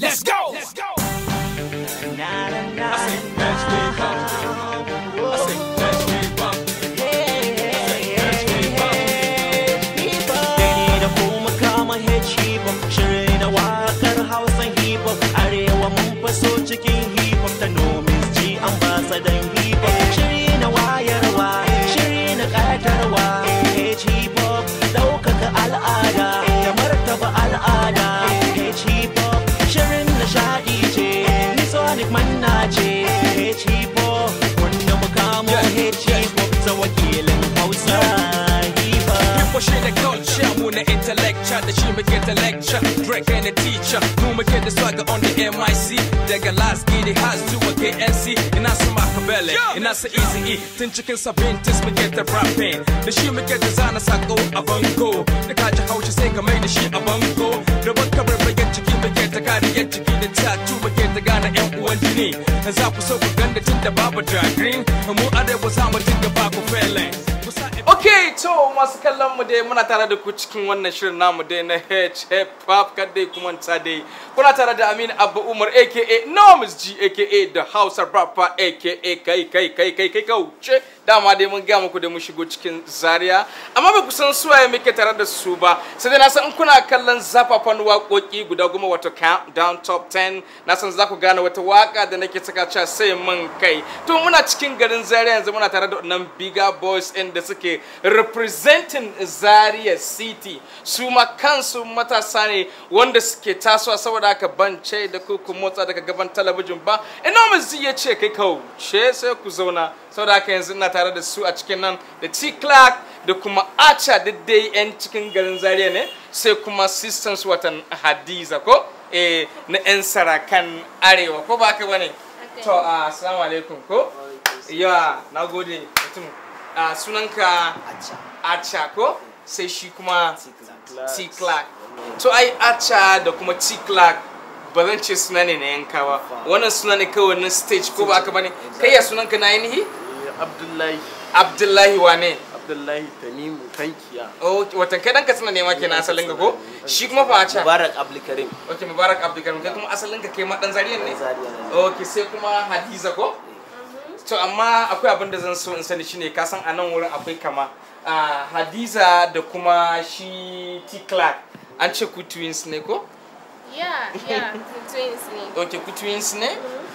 Let's go! Let's go! Na, na, na, I say, she shi get a lecture Drake and the teacher Who mu get the swagger on the MIC daga Lasky da has a KNC ina some Machiavelli I say Easy E tun cikin sabin tis the ta rapping da shi muke ta zana sako a bango da ka ji she say, ka mai the shi a bango da baka barbagen ciki muke ta to ciki The tattoo muke ta gane one uwan as I was so ku ganda tun da babu drag green mu was I'm a ba ku to masu kallon mu dai muna tare da ku cikin wannan shirin namu dai na HF Pop kadai kuma ta dai kuna tare da Amin Abba Umar aka Nomis G aka da Hausa Rap aka kai kai kai kai kai kauce dama dai mun ga muku da mu shigo cikin Zaria amma ba ku san suwaye muke tare da su ba sai dai na san in kuna kallon zafafan waƙoƙi guda goma wato countdown top 10 na san za ku gane wata waka da nake saka cewa sai mun kai to muna cikin garin Zaria yanzu muna tare da nan Biga Boys in da suke representing Zaria City su kansu matasa ne wanda suke tasowa saboda haka bance da kuku motsa daga gaban talabijin ba enormous ya ce kai kauce sai ku zauna saboda haka yanzu ina tare da su a cikin nan da T Clark da kuma Acha dai yan cikin garin Zaria ne sai kuma sisters watan Hadiza ko eh na yan sarakan arewa ko ba haka bane to ah, assalamu alaikum ko mutum Ah, sunanka acha ko sai shi kuma t clark to ai acha da kuma t clark ba zan ce suna ne na yanka ba wannan suna ne kawai na stage ko ba aka bane kai ya sunanka na ainihi eh, abdullahi abdullahi wane abdullahi tanimu tankiya oh watan kai danka ka suna nema ma kenan asalin ka ko shi kuma fa acha mubarak abdulkarim okay mubarak abdulkarim kai kuma asalin ka kai ma dan zariyan ne okay sai kuma hadiza ko eh. to amma akwai abin da zan so in sani shine ka san a nan wurin akwai kama hadiza da kuma shi t clark an ce ku twins ne ko yeah yeah twins ne okay ku twins ne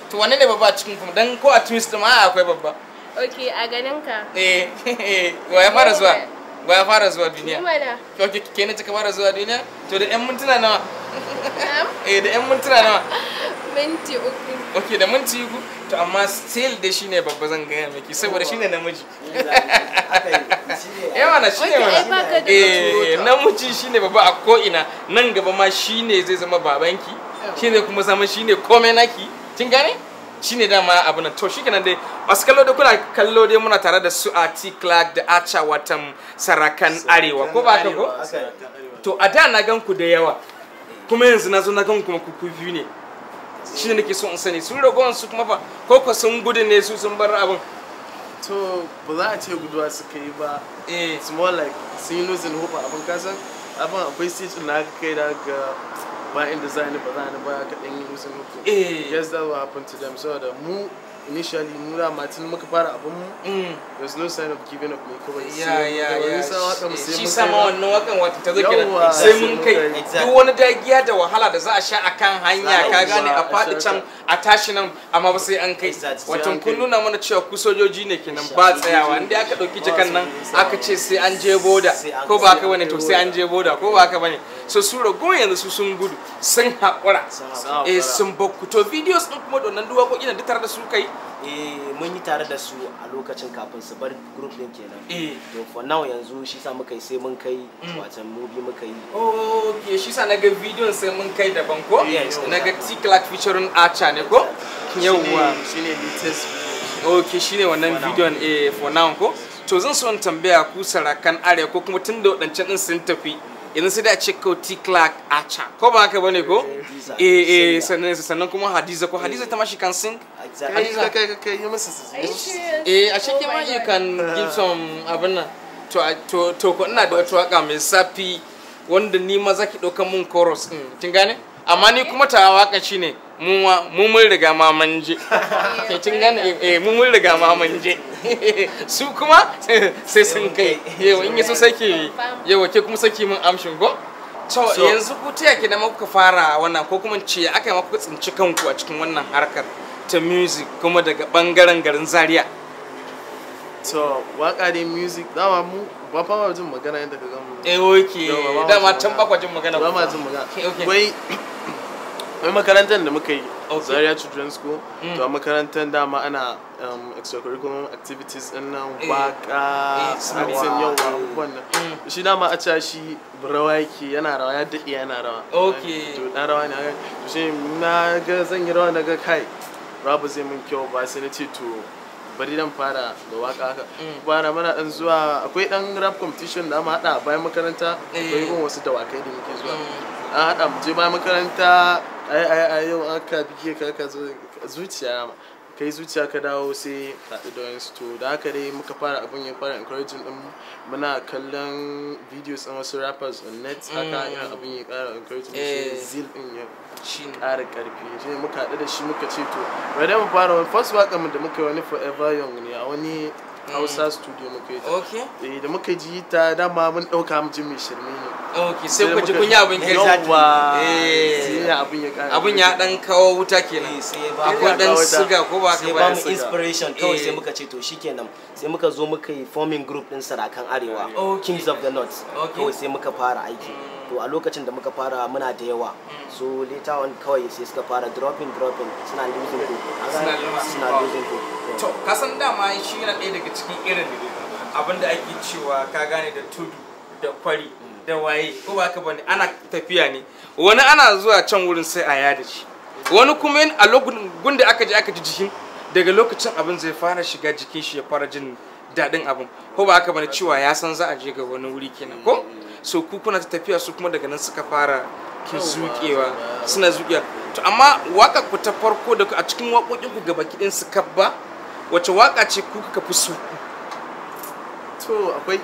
to wanne ne babba cikin kuma don ko a twins din ma akwai babba okay a ganin ka eh eh wa ya fara zuwa wa ya fara zuwa duniya mana okay ke ne kika fara zuwa duniya to da yan mintuna nawa eh da yan mintuna nawa minti uku okay da minti uku to amma still dai shine babba zan gaya miki saboda shine namiji yawa na shine mana eh namiji shine babba a ko ina nan gaba ma shine zai zama babanki shine kuma zama shine komai naki kin gane shine dama abu na to shikenan dai masu kallo da kula kallo dai muna tare da su T Clark da Acha watan sarakan arewa ko ba ka ko to a da na gan ku da yawa kuma yanzu na zo na gan ku kuma ku biyu ne shi ne nake so in sani sun ragowar su kuma fa ko ko sun gudu ne su sun bar abin to ba za a ce guduwa suka yi ba eh. it's more like sun yi losing hope abin kasan abin akwai stage na kai da ga ba inda za ni ba za ni ba ka dan yi losing hope yes eh. that will happen to them so da mu initially muna martin muka fara abin mu mm. there's no sign of giving up ne kawai sai ya sai mun shi sama wannan wakan wata ta zake sai mun kai duk wani dagiya da wahala da za a sha akan hanya ka gane a faɗi can a tashi nan amma ba sai an kai watan kun nuna mana cewa ku sojoji ne kenan ba tsayawa inda aka dauki jakan nan aka ce sai an je boda ko ba ka bane to sai an je boda ko ba ka bane so su rago yanzu su sun gudu sun haƙura eh sun bakku to videos din kuma nan duwa ko ina duk tare da su kai eh mun yi tare da su a lokacin kafin su bar group din kenan eh. to for now yanzu shi sa muka yi sai mun kai mm. wacan movie muka yi okay shi sa na ga bidiyon sai mun kai daban ko na ga T Clark featuring Archer ne ko yawwa shine latest okay shine wannan video. eh for now ko to zan so in tambaya ku sarakan arewa ko kuma tun da waɗancan din sun tafi yanzu sai da a ce ko t clark can. ko ba haka bane ko eh eh sannan sannan kuma hadiza ko hadiza ta ma she sing hadiza kai kai yi masa eh a oh ma you can give some abin nan to to to ko ina da wata waka mai safi wanda ni ma zaki dauka mun chorus din mm, kin gane amma ni kuma ta waka shine mu mun riga ma kin gane eh e, mun riga ma su kuma sai sun kai yau in yaso sake yau ke kuma sake min amshin go to yanzu ku taya ki da kuka fara wannan ko kuma ce aka yi kuka tsinci kanku a cikin wannan harkar ta music kuma daga bangaren garin zaria to waka dai music dama mu ba fa ma jin magana yadda ka gamu eh okay dama can ba kwa jin magana ba ma jin magana wai akwai makarantar da muka yi zaria children's school hmm. to a makarantar dama ana um, extracurricular activities din nan baka samitin yau abubuwan nan hmm. shi dama a ca shi rawa yake yana rawa ya daɗe yana rawa ok to rawa ne to shi na ga zan yi rawa na ga kai rabu zai mun kyau ba sai na ce to bari dan fara da waka haka hmm. na mana dan zuwa akwai dan rap competition da haɗa bayan makaranta eh. akwai wasu dawakai da muke zuwa an haɗa mu je bayan makaranta ai ai ai yau an ka bige ka ka zuciya kai zuciya ka dawo sai haɗu da wani to da haka dai muka fara abin ya fara encouraging din muna kallon videos ɗin wasu rappers on net haka mm. ya abin ya ƙara encouraging shi eh. zil ɗin ya ƙara ƙarfi shi muka haɗu da shi muka ce to bari mu fara wani first waka mu da muka yi wani forever young ne a wani hausa studio muka yi ta eh da muka ji ta dama mun dauka mu ji mai shirme ne okay sai ku ji kun yi abin kai zaki eh, eh. abin ya kara abin ya dan kawo wuta kenan eh, sai ba akwai dan siga ko ba ka ba mu inspiration kawai sai eh. muka ce to shikenan sai muka zo muka yi forming group din sarakan arewa kings of the north kawai sai muka fara aiki mm. to a lokacin da muka fara muna da yawa mm. so later on kawai sai suka fara dropping dropping suna losing to suna losing to to kasan dama shi yana ɗaya daga cikin irin abin da ake cewa ka gane da tudu da kwari mm. da waye ko ba ka bane ana tafiya ne wani ana zuwa can wurin sai a yada shi wani kuma yin a lokacin da aka je aka ji jikin daga lokacin abin zai fara shiga jikin shi ya fara jin daɗin abin ko ba aka bane cewa ya san za a je ga wani wuri kenan ko mm. so ku kuna ta tafiya su kuma daga nan suka fara kin zuƙewa suna zuƙewa to amma waka ku ta farko da a cikin waƙoƙin ku gaba kiɗin su kabba wace waka ce ku ka fi so to akwai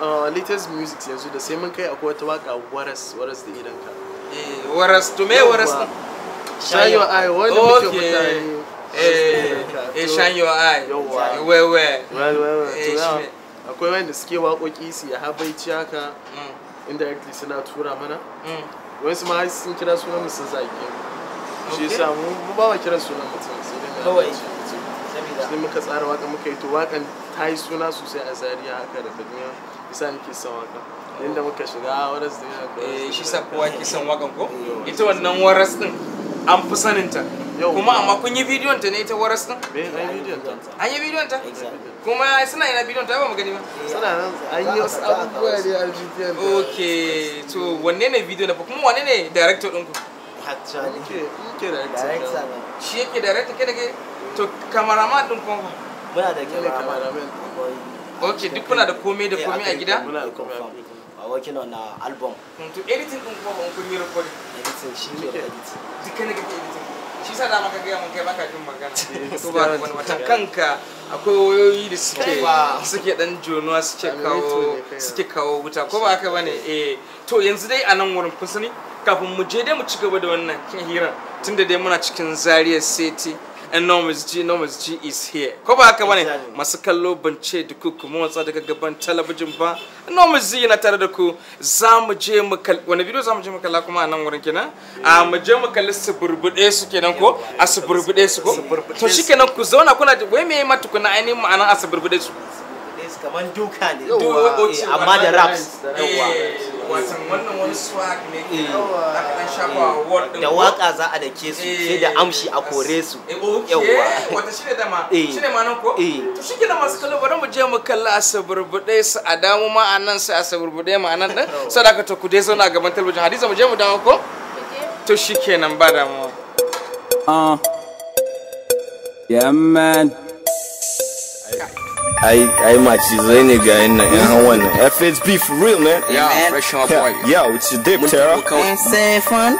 uh, latest music yanzu da sai mun kai akwai wata waka waras waras da idan ka eh, waras to me waras shine your eye wanda muke mutane eh shine your eye wewe eh, well. Eh, to akwai wanda suke waƙoƙi su ya habaici haka mm. indirectly suna tura mana mm. su ma sun kira sunan mu sun zage mu shi yasa mu mu ba wa kira sunan mutum sai dai kawai sai muka tsara waka muka yi to wakan ta yi suna sosai a Zariya haka da duniya yasa nake son waka inda muka shiga waras da yana eh shi sa kowa ke son wakan ko ita wannan waras din an fi saninta kuma amma kun yi bidiyon ta ne ta waras din an yi bidiyon ta an yi bidiyon ta kuma suna yana bidiyon ta ba mu gani ba suna nan an yi wasu abubuwa ne a bidiyon okay to wanne ne bidiyo na kuma wanne ne director din ku hacca ne ke ke director shi yake director ke ke to cameraman din kuma muna da cameraman okay duk kuna da komai da eh, komai a gida muna da komai a gida working on an album. To editing din kun yi recording. Editing shi ne editing. Dukkan ne editing. shi sa da maka gaya mun kai baka jin magana to ba wani watan kanka akwai wayoyi da suke suke dan jonuwa suke kawo suke kawo wuta ko ba haka bane eh to yanzu dai a nan wurin kun sani kafin mu je dai mu ci gaba da wannan hirar tunda dai muna cikin Zaria City and Nomis G, Nomis G is here. Ko ba haka bane masu kallo bance da ku kuma watsa daga gaban talabijin ba. Nomis G yana tare da ku za mu je mu kalli wani bidiyo za mu je mu kalla kuma a nan wurin kenan. A mu je mu kalli su burbuɗe su kenan ko a su burbuɗe su ko. To shikenan ku zauna kuna wai me ma tukuna ainihin ma'anar a su burbuɗe su. Kamar duka ne. Eh, amma da raps. wasan wannan wani swag ne eh. aka dan shafa word din da waka za a da ke su eh. sai da amshi a kore su eh, yawa wata shi ne da ma ne ma nan ko to shi kina masu kallo bari mu je mu kalla asaburbude su a damu ma a nan sai asaburbude ma a nan din ka to ku dai zauna gaban talabijin hadiza mu je mu dawo ko to shi kenan ba damuwa ah yeah man ai ai macizai ga yan nan yan hawan nan FHB for real man yeah, fresh on point yeah, yeah a your dip Tara and say fun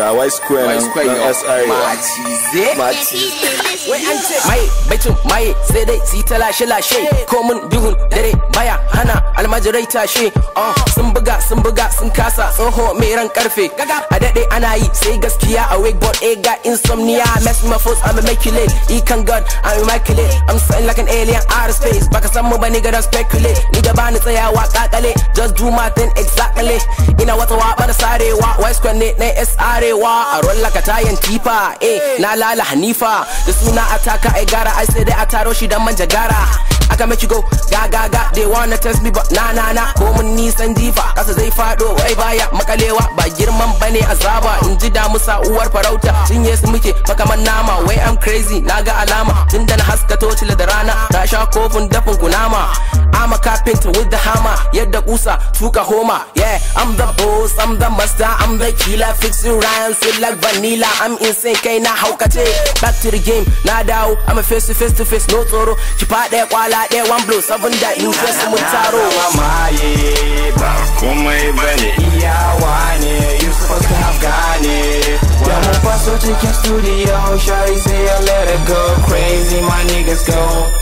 that white square, white square, SI. Matize. Matize. Wait and My bitch, my say they see tell she shall I she. Common bihun, dere, baya, hana, almajirai ta she. Oh, ah, some buga, some buga, some sun kasa, tsoho mai ran karfe. A dade ana yi say, gaskiya a wake board, eh got insomnia. Mess with my thoughts, I'm immaculate. E can god, I'm immaculate. I'm something like an alien out of space. Baka san mu ba nigga Don't speculate. Nigga ba ni tsayawa kakale. Just do my thing exactly. Ina wata waba da walk white square ne na SI. arewa a rolla ka tayan tifa eh na lala hanifa da suna ataka ai gara ai sai dai a taro shi dan manjagara I can make you go ga ga ga they wanna test me but na na na ko mun nisan jifa kasa zai fado wai baya makalewa ba girman bane azaba in ji damusa uwar farauta cinye su muke makaman nama wai I'm crazy na ga alama tun da na haska tocila da rana Ta sha kofin dafin kunama I'm a carpenter with the hammer yadda kusa tuka homa yeah I'm the boss I'm the master I'm the killer fixing rhymes feel like vanilla I'm insane kai na haukace back to the game na dawo I'm a face to face to face no tsoro ki faɗa kwala out there one blue Seven that new dress mu taro mamaye ba komai bane iyawa ne Yusuf ka gane da mu faso cikin studio shawty say I let it go crazy my niggas go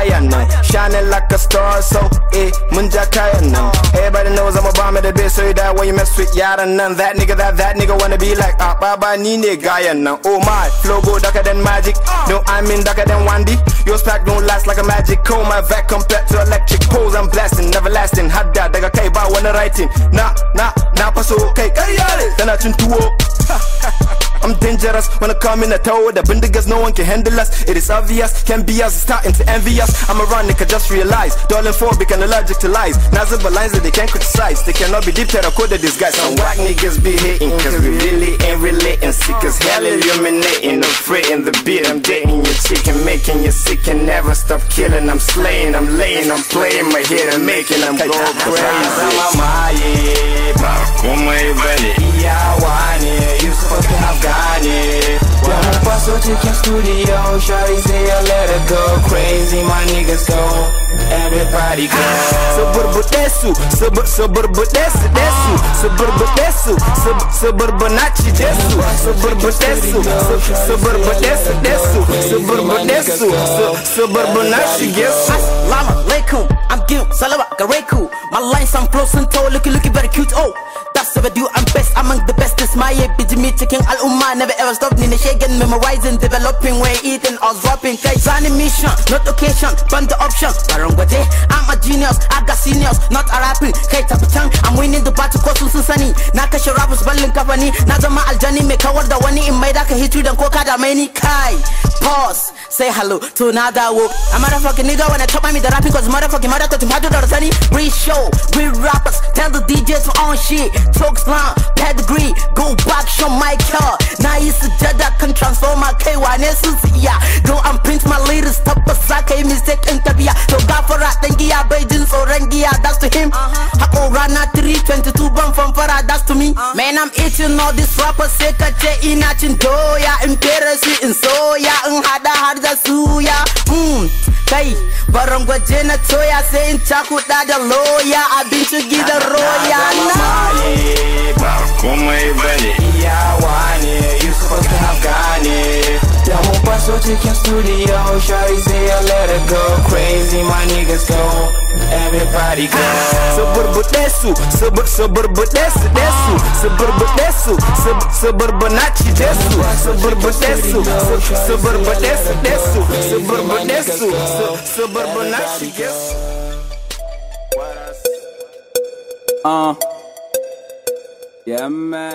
higher Shining like a star, so it munja kaya now. Everybody knows I'm a bomb at the bit, so you die when you mess with yada none. That nigga, that that nigga wanna be like ah, baba nini gaya Oh my, flow go darker than magic. No, I mean darker than Wandy. Your stack don't last like a magic Oh My vacuum compared to electric poles, I'm blasting, never Had that, daga kai ba wanna writing. Nah, nah, nah, paso kai, then I tana to tuwo. I'm dangerous when I come in a tower The bindigas, no one can handle us It is obvious, can be us, it's starting to envy us I'm ironic, I just realized Darling phobic and allergic to lies Nazable lines that they can't criticize They cannot be deep terracotta disguise Some whack niggas be hating Cause we really ain't relating Sick as hell illuminating I'm fritting the beat I'm dating your chicken Making you sick and never stop killing I'm slaying, I'm laying, I'm playing my hit and am making, I'm go crazy Mama, yeah, mama, yeah, got When I pass out to Studio Shawty say I let her go crazy My niggas go everybody go Suburbanesu, Desu, suburbanesu, desu Desu, sub suburbanachi desu Suburbanesu, sub suburbanesu, desu Desu sub suburbanachi desu Lama Lakum, I'm Gil, Salawa, Gareku My lines I'm close and tall, looking looking very cute, oh That's what I do, I'm best among the best It's my ABG me taking Al Umma Never ever stop, Nina Shagan, memorizing Developing, we eating, I was dropping Guys, animation, not occasion, find the option wrong with it I'm a genius, I got seniors, not a rapping I'm winning the battle cause sun Not a Na kashe rappers ballin kafa Not a zama aljani mai kawar da wani in my dark ka hitu dan ko ka da mai ni kai Pause, say hello to I'm A motherfucking nigga wanna taba me da rapping Cause motherfucking mother to tomato da sunny. We show, we rappers, tell the DJs on shit Talk slang, pedigree, go back, show my car Now you suggest that can transform my K1 essence, yeah Go and print my list service tabbas za ka yi mistake in tafiya to gafara dan giya bai jin tsoron giya that's to him hako uh-huh. rana 322 ban fanfara that's to me uh-huh. man I'm eating all this rappers sai ka ce ina cin doya in fere su in soya in hada har da suya kai mm, baran gwaje na toya sai in cakuɗa da loya abincin gidan roya na ba komai bane iyawa ne yusuf ka gane so take your studio Shawty say I let her go Crazy, my niggas go Everybody go Suburbudesu, subur suburbudesu, desu Suburbudesu, sub suburbanachi desu Suburbudesu, sub suburbudesu, desu Suburbudesu, sub suburbanachi desu Uh, yeah man